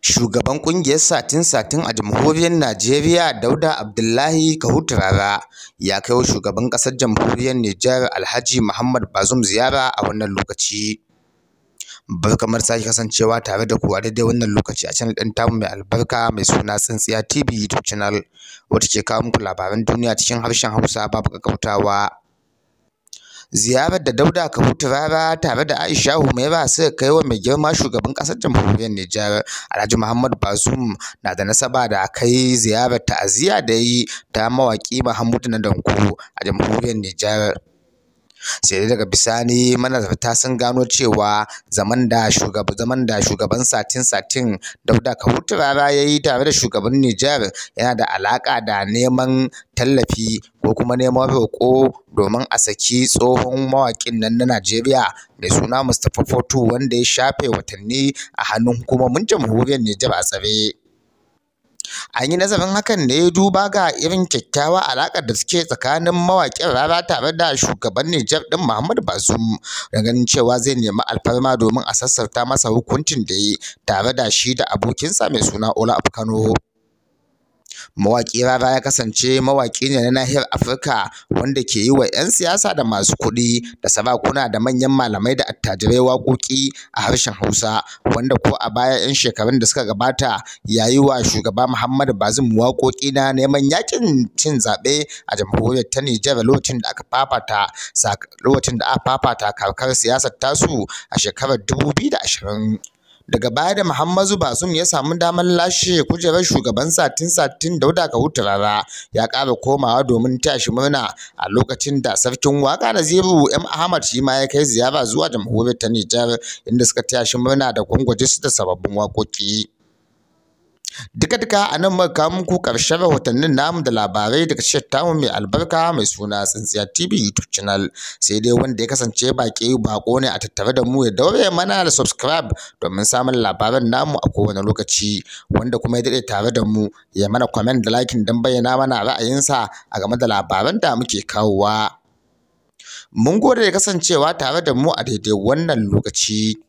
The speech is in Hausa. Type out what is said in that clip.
Shugaban ƙungiyar Satin-Satin a Jamhuriyar Najeriya Dauda Abdullahi kahutrara ya kai wa shugaban ƙasar Jamhuriyar Nijar Alhaji Muhammad Bazum ziyara a wannan lokaci. Barkamar sake kasancewa tare da kuwa daidai wannan lokaci a canal ɗin tamu mai albarka mai suna Tsintsiya TV YouTube channel wacce ke kawo muku labaran duniya cikin harshen Hausa babu ƙaƙƙautawa. ziyarar da Dauda Kawu Turara tare da Aisha Humaira suka kai wa mai girma shugaban ƙasar jamhuriyar Nijar Alhaji Muhammad Bazum na da nasaba da kai ziyarar ta'aziyya da yi ta mawaƙi na Danko a jamhuriyar Nijar. sai daga bisani manazarta sun gano cewa zaman da shugaban zaman da shugaban satin satin dauda kahuturara ya yi tare da shugaban nijar yana da alaka da neman tallafi ko kuma neman roƙo domin a saki tsohon mawaƙin nan na najeriya mai suna mustapha fotu wanda ya shafe watanni a hannun hukumomin jamhuriyar nijar a tsare an yi nazarin hakan ne duba ga irin kyakkyawa alaƙar da suke tsakanin mawaƙin rara tare da shugaban Nijar ɗin Muhammadu Bazum da ganin cewa zai nemi alfarma domin a sassauta masa hukuncin da ya yi tare da shi da abokinsa mai suna Ola Kano. Mawaƙi Rara ya kasance mawaƙi ne na nahiyar Afirka wanda ke yi wa 'yan siyasa da masu kuɗi da sarakuna da manyan malamai da attajirai waƙoƙi a harshen Hausa, wanda ko a baya 'yan shekarun da suka gabata ya yi wa Shugaba Muhammadu Bazoum waƙoƙi na neman yakin cin zaɓe a jamhuriyar ta Nijar lokacin da aka fafata lokacin da aka fafata kakar siyasar tasu a shekarar ashirin daga baya da Muhammadu Bazum ya samu damar lashe kujerar shugaban satin satin Dauda rara, ya ƙara komawa domin tashi murna a lokacin da sarkin waka Naziru M Ahmad shi ma ya kai ziyara zuwa jamhuriyar ta Nijar inda suka tashi murna da gwangwaje su da sababbin waƙoƙi. duka duka a nan muka kawo muku ƙarshen rahotannin namu da labarai daga tashar tamu mai albarka mai suna tsintsiya tv youtube channel sai dai wanda ya kasance baki bako ne a tattare da mu ya daure mana da subscribe domin samun labaran namu a kowane lokaci wanda kuma ya daɗe tare da mu ya mana comment da liking don bayyana mana ra'ayinsa a game da labaran da muke kawowa. Mun gode da kasancewa tare da mu a daidai wannan lokaci.